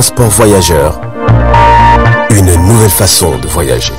Transport voyageur, une nouvelle façon de voyager.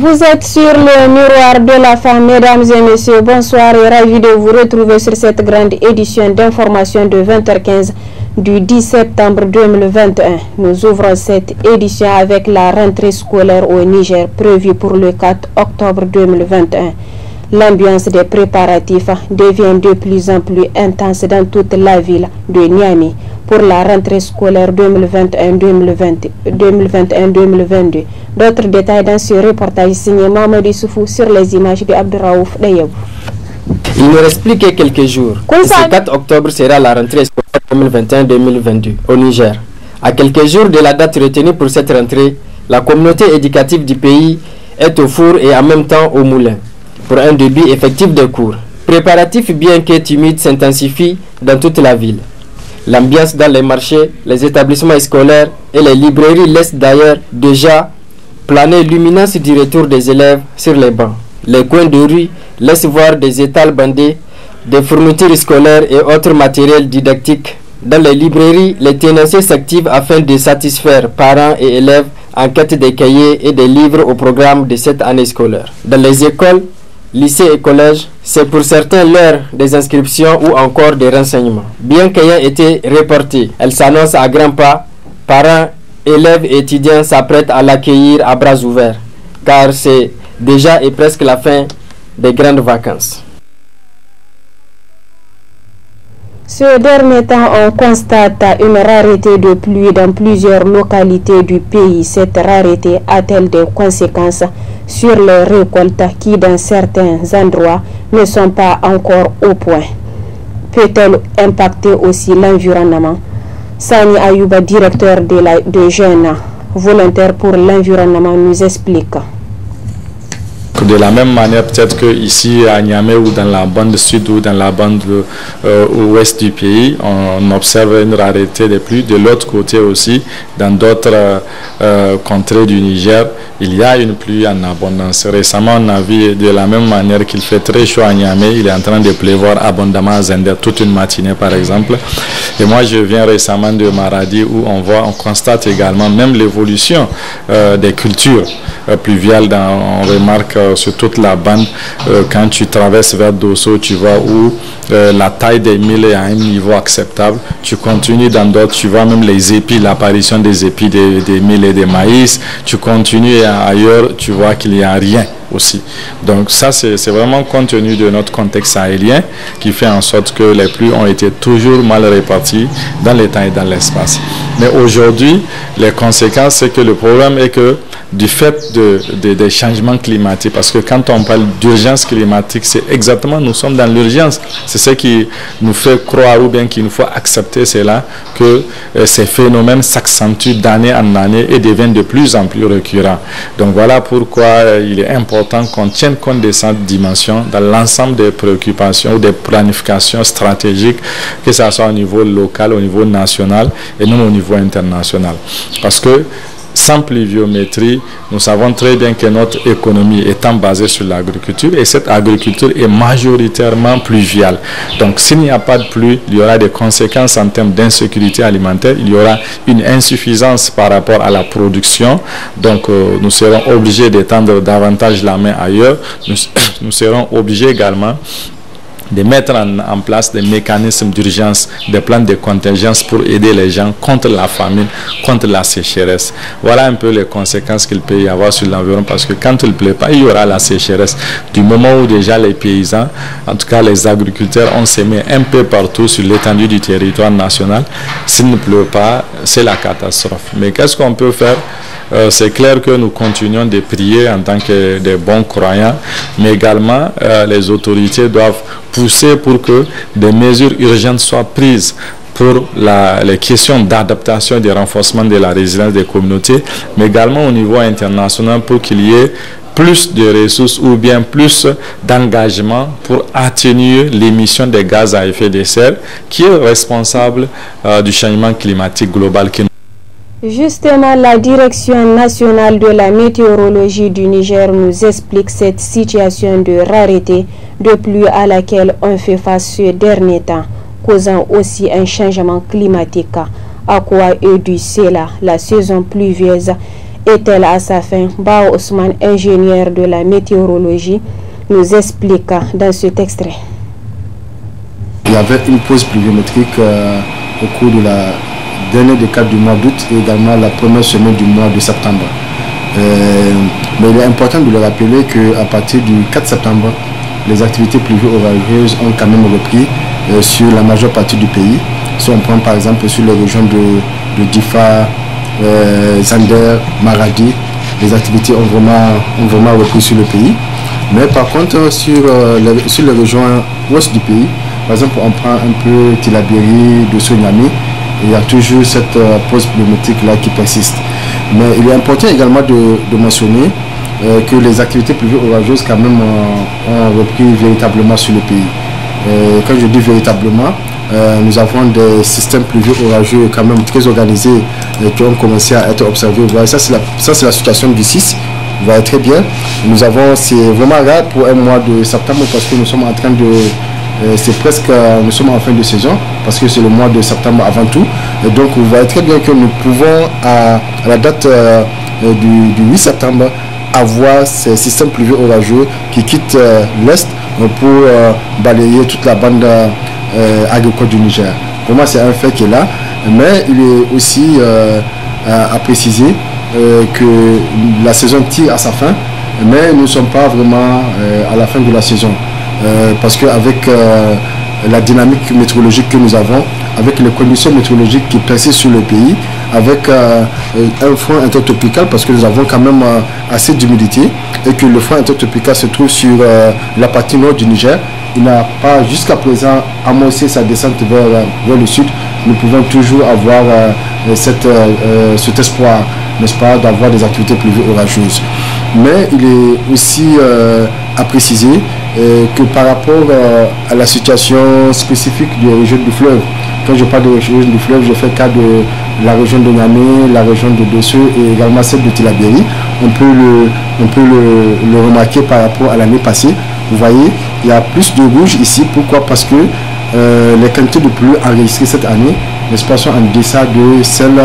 Vous êtes sur le miroir de la femme, mesdames et messieurs. Bonsoir et ravi de vous retrouver sur cette grande édition d'information de 20h15 du 10 septembre 2021. Nous ouvrons cette édition avec la rentrée scolaire au Niger prévue pour le 4 octobre 2021. L'ambiance des préparatifs devient de plus en plus intense dans toute la ville de Niamey pour la rentrée scolaire 2021-2022. D'autres détails dans ce reportage signé Mamadou Soufou sur les images de Raouf Il nous reste quelques jours. Ce 4 octobre sera la rentrée scolaire 2021-2022 au Niger. À quelques jours de la date retenue pour cette rentrée, la communauté éducative du pays est au four et en même temps au moulin pour un début effectif de cours. Préparatifs bien que timides s'intensifient dans toute la ville. L'ambiance dans les marchés, les établissements scolaires et les librairies laisse d'ailleurs déjà planer l'imminence du retour des élèves sur les bancs. Les coins de rue laissent voir des étals bandés, des fournitures scolaires et autres matériels didactiques. Dans les librairies, les tenanciers s'activent afin de satisfaire parents et élèves en quête des cahiers et des livres au programme de cette année scolaire. Dans les écoles, lycées et collèges, c'est pour certains l'heure des inscriptions ou encore des renseignements. Bien qu'ayant été reportée, elle s'annonce à grands pas. Parents, élèves et étudiants s'apprêtent à l'accueillir à bras ouverts, car c'est déjà et presque la fin des grandes vacances. Ce dernier temps, on constate une rareté de pluie dans plusieurs localités du pays. Cette rareté a-t-elle des conséquences sur les récoltes qui, dans certains endroits, ne sont pas encore au point Peut-elle impacter aussi l'environnement Sani Ayouba, directeur de, de Jeunes volontaires pour l'environnement, nous explique. De la même manière, peut-être qu'ici à Niamey ou dans la bande sud ou dans la bande euh, ouest du pays, on, observe une rareté des pluies. De l'autre côté aussi, dans d'autres euh, euh, contrées du Niger, il y a une pluie en abondance. Récemment, on a vu de la même manière qu'il fait très chaud à Niamey, il est en train de pleuvoir abondamment à Zender toute une matinée par exemple. Et moi, je viens récemment de Maradi où on voit, on constate également même l'évolution des cultures pluviales. Dans, on remarque euh, sur toute la bande. Euh, quand tu traverses vers Dosso, tu vois où euh, la taille des milles est à un niveau acceptable. Tu continues dans d'autres, tu vois même les épis, l'apparition des épis des, milles et des maïs. Tu continues ailleurs, tu vois qu'il n'y a rien aussi. Donc ça, c'est vraiment compte tenu de notre contexte aérien qui fait en sorte que les pluies ont été toujours mal réparties dans les temps et dans l'espace. Mais aujourd'hui, les conséquences, c'est que le problème est que du fait de, des changements climatiques, parce que quand on parle d'urgence climatique, c'est exactement, nous sommes dans l'urgence. C'est ce qui nous fait croire ou bien qu'il nous faut accepter cela, que euh, ces phénomènes s'accentuent d'année en année et deviennent de plus en plus récurrents. Donc voilà pourquoi euh, il est important qu'on tienne compte de cette dimension dans l'ensemble des préoccupations ou des planifications stratégiques, que ce soit au niveau local, au niveau national et non au niveau internationale international. Parce que sans pluviométrie, nous savons très bien que notre économie étant basée sur l'agriculture et cette agriculture est majoritairement pluviale. Donc s'il n'y a pas de pluie, il y aura des conséquences en termes d'insécurité alimentaire, il y aura une insuffisance par rapport à la production. Donc euh, nous serons obligés d'étendre davantage la main ailleurs. Nous, nous serons obligés également de mettre en, place des mécanismes d'urgence, des plans de contingence pour aider les gens contre la famine, contre la sécheresse. Voilà un peu les conséquences qu'il peut y avoir sur l'environnement parce que quand il ne pleut pas, il y aura la sécheresse. Du moment où déjà les paysans, en tout cas les agriculteurs, ont semé un peu partout sur l'étendue du territoire national, s'il ne pleut pas, c'est la catastrophe. Mais qu'est-ce qu'on peut faire euh, c'est clair que nous continuons de prier en tant que des bons croyants, mais également euh, les autorités doivent pousser pour que des mesures urgentes soient prises pour la, les questions d'adaptation et de renforcement de la résilience des communautés, mais également au niveau international pour qu'il y ait plus de ressources ou bien plus d'engagement pour atténuer l'émission des gaz à effet de serre qui est responsable euh, du changement climatique global qui Justement, la Direction nationale de la météorologie du Niger nous explique cette situation de rareté de pluie à laquelle on fait face ces derniers temps, causant aussi un changement climatique. À quoi est dû cela La saison pluvieuse est-elle à sa fin Bao Ousmane, ingénieur de la météorologie, nous explique dans ce extrait. Il y avait une pause pluviométrique euh, au cours de la dernier des 4 du mois d'août et également la première semaine du mois de septembre. Euh, mais il est important de le rappeler qu'à partir du 4 septembre, les activités privées orageuses ont quand même repris euh, sur la majeure partie du pays. Si on prend par exemple sur les régions de, de Difa, euh, Zander, Maradi, les activités ont vraiment, ont vraiment repris sur le pays. Mais par contre, sur, euh, les, sur les régions ouest du pays, par exemple, on prend un peu Tilabiri, de Tsunami, il y a toujours cette euh, là qui persiste. Mais il est important également de, mentionner euh, que les activités privées orageuses, quand même, euh, ont repris véritablement sur le pays. Euh, quand je dis véritablement, nous avons des systèmes pluvieux orageux quand même très organisés qui ont commencé à être observés. Voilà, ça, c'est la, situation du 6. voyez très bien. Nous avons, c'est vraiment rare pour un mois de septembre parce que nous sommes en train de euh, c'est presque, euh, nous sommes en fin de saison, parce que c'est le mois de septembre avant tout. Et donc, vous voyez très bien que nous pouvons, à, la date euh, du, 8 septembre, avoir ces systèmes pluvieux orageux qui quittent l'Est pour balayer toute la bande agricole du Niger. Pour moi, c'est un fait qui est là, mais il est aussi à préciser que la saison tire à sa fin, mais nous ne sommes pas vraiment à la fin de la saison. Euh, parce qu'avec euh, la dynamique météorologique que nous avons, avec les conditions météorologiques qui persistent sur le pays, avec euh, un front intertropical, parce que nous avons quand même assez d'humidité, et que le front intertropical se trouve sur la partie nord du Niger. Il n'a pas jusqu'à présent amorcé sa descente vers, vers, le sud. Nous pouvons toujours avoir cet espoir, n'est-ce pas, d'avoir des activités pluvieuses orageuses. Mais il est aussi à préciser euh, que par rapport à la situation spécifique du région du fleuve, quand je parle de région du fleuve, je fais cas de la région de Namé, la région de Dosseux et également celle de Tilabéry. On peut, le, peut le, remarquer par rapport à l'année passée. Vous voyez, il y a plus de rouge ici. Pourquoi Parce que euh, les quantités de pluie enregistrées cette année, n'est-ce sont en deçà de celles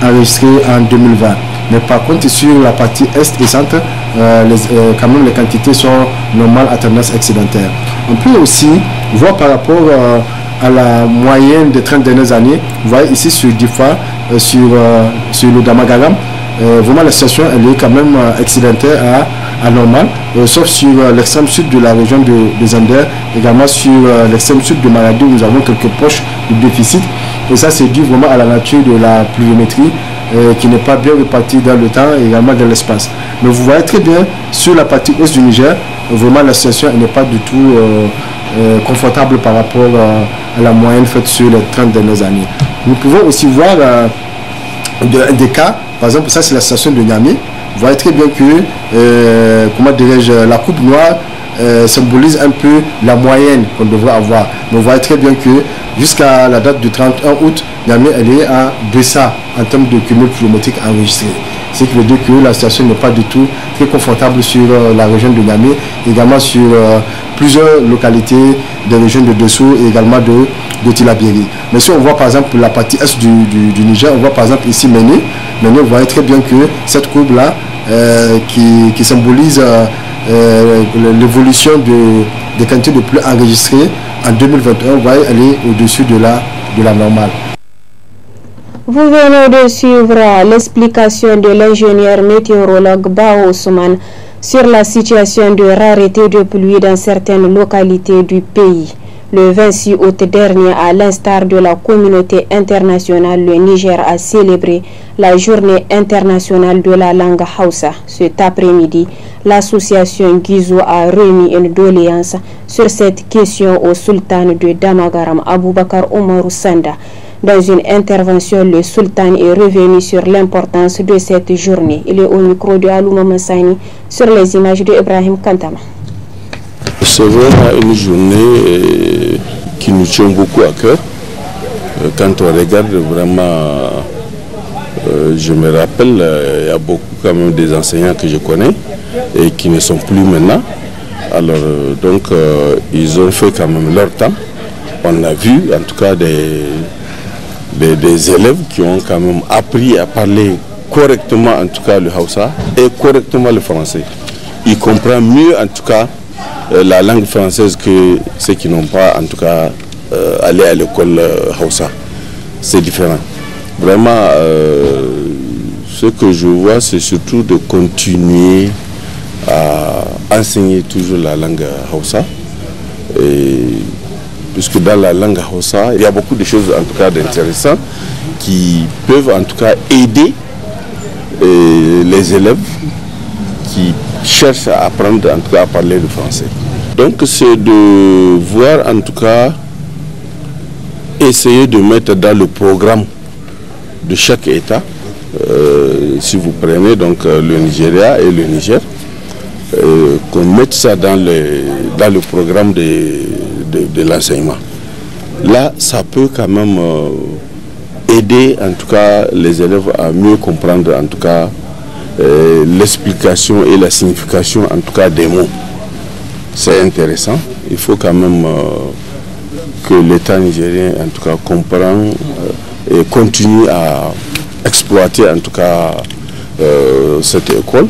enregistrées en 2020. Mais par contre, sur la partie est et centre, euh, les, euh, quand même les quantités sont normales à tendance excédentaire. On peut aussi voir par rapport euh, à la moyenne des 30 dernières années, vous voyez ici sur DIFA, sur, sur le Damagalam, vraiment la situation elle est quand même excédentaire à, à normale, sauf sur l'extrême sud de la région des Andes, également sur l'extrême sud de Maladie, nous avons quelques poches de déficit. Et ça, c'est dû vraiment à la nature de la pluviométrie euh, qui n'est pas bien répartie dans le temps et également dans l'espace. Mais vous voyez très bien, sur la partie ouest du Niger, vraiment la situation n'est pas du tout euh, euh, confortable par rapport à la moyenne faite sur les 30 dernières années. Nous pouvons aussi voir des cas, par exemple, ça c'est la station de Niamey. Vous voyez très bien que, comment dirais-je, la coupe noire euh, symbolise un peu la moyenne qu'on devrait avoir. on voit très bien que jusqu'à la date du 31 août, Niamey elle est à 200 en termes de cumul climatique enregistré. Ce qui veut dire que la situation n'est pas du tout très confortable sur euh, la région de Niamey, également sur euh, plusieurs localités des régions de Dessous et également de, de Tilabiri. Mais si on voit par exemple la partie est du, Niger, on voit par exemple ici Mené, Mené, on voit très bien que cette courbe-là, qui, qui, symbolise euh, l'évolution de, des quantités de pluie enregistrées en 2021 va aller au-dessus de la, de la normale. Vous venez de suivre l'explication de l'ingénieur météorologue Bao Ousmane sur la situation de rareté de pluie dans certaines localités du pays. Le 26 août dernier, à l'instar de la communauté internationale, le Niger a célébré la journée internationale de la langue Hausa. Cet après-midi, l'association Gizou a remis une doléance sur cette question au sultan de Damagaram, Aboubakar Omar Sanda. Dans une intervention, le sultan est revenu sur l'importance de cette journée. Il est au micro de Alouma Massani sur les images de Ibrahim Kantama. C'est une journée euh, qui nous tiennent beaucoup à cœur. Euh, quand on regarde vraiment, euh, je me rappelle, euh, il y a beaucoup quand même des enseignants que je connais et qui ne sont plus maintenant. Alors donc ils ont fait quand même leur temps. On a vu en tout cas des, des, élèves qui ont quand même appris à parler correctement en tout cas le Hausa et correctement le français. Ils comprennent mieux en tout cas euh, la langue française que ceux qui n'ont pas, en tout cas, euh, allé à l'école euh, Hausa. C'est différent. Vraiment, ce que je vois, c'est surtout de continuer à enseigner toujours la langue Hausa. puisque dans la langue Hausa, il y a beaucoup de choses en tout cas d'intéressants qui peuvent en tout cas aider les élèves qui cherche à apprendre en tout cas à parler le français. Donc c'est de voir en tout cas, essayer de mettre dans le programme de chaque État, euh, si vous prenez donc euh, le Nigeria et le Niger, euh, qu'on mette ça dans le, dans le programme de, l'enseignement. Là, ça peut quand même aider en tout cas les élèves à mieux comprendre en tout cas euh, l'explication et la signification en tout cas des mots. C'est intéressant. Il faut quand même euh, que l'État nigérien en tout cas comprenne euh, et continue à exploiter en tout cas cette école.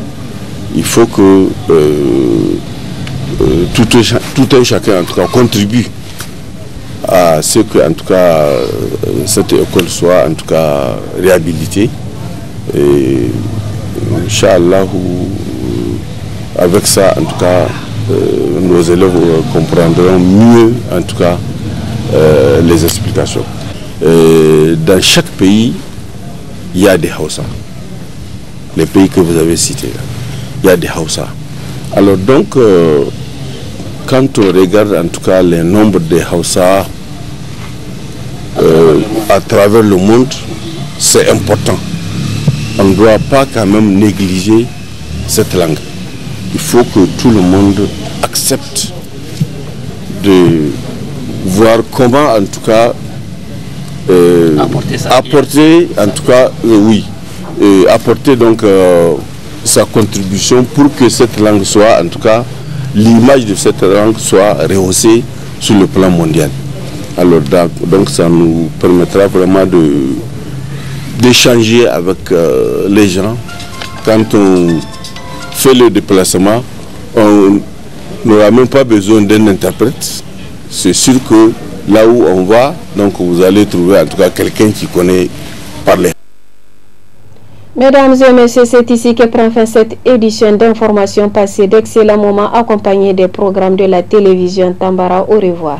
Il faut que tout, tout un chacun en tout cas contribue à ce que en tout cas cette école soit en tout cas réhabilitée et Inch'Allah, euh, avec ça, en tout cas, euh, nos élèves euh, comprendront mieux, en tout cas, les explications. dans chaque pays, il y a des Hausa. Les pays que vous avez cités, il y a des Hausa. Alors donc, quand on regarde en tout cas le nombre de Hausa à travers le monde, c'est important on ne doit pas quand même négliger cette langue. Il faut que tout le monde accepte de voir comment en tout cas euh, apporter, en tout cas euh, oui et euh, apporter donc sa contribution pour que cette langue soit en tout cas l'image de cette langue soit rehaussée sur le plan mondial alors donc ça nous permettra vraiment de d'échanger avec euh, les gens. Quand on fait le déplacement, on n'aura même pas besoin d'un interprète. C'est sûr que là où on va, donc vous allez trouver en tout cas quelqu'un qui connaît parler. Mesdames et messieurs, c'est ici que prend fin cette édition d'information passée d'excellents moments accompagnés des programmes de la télévision Tambara. Au revoir.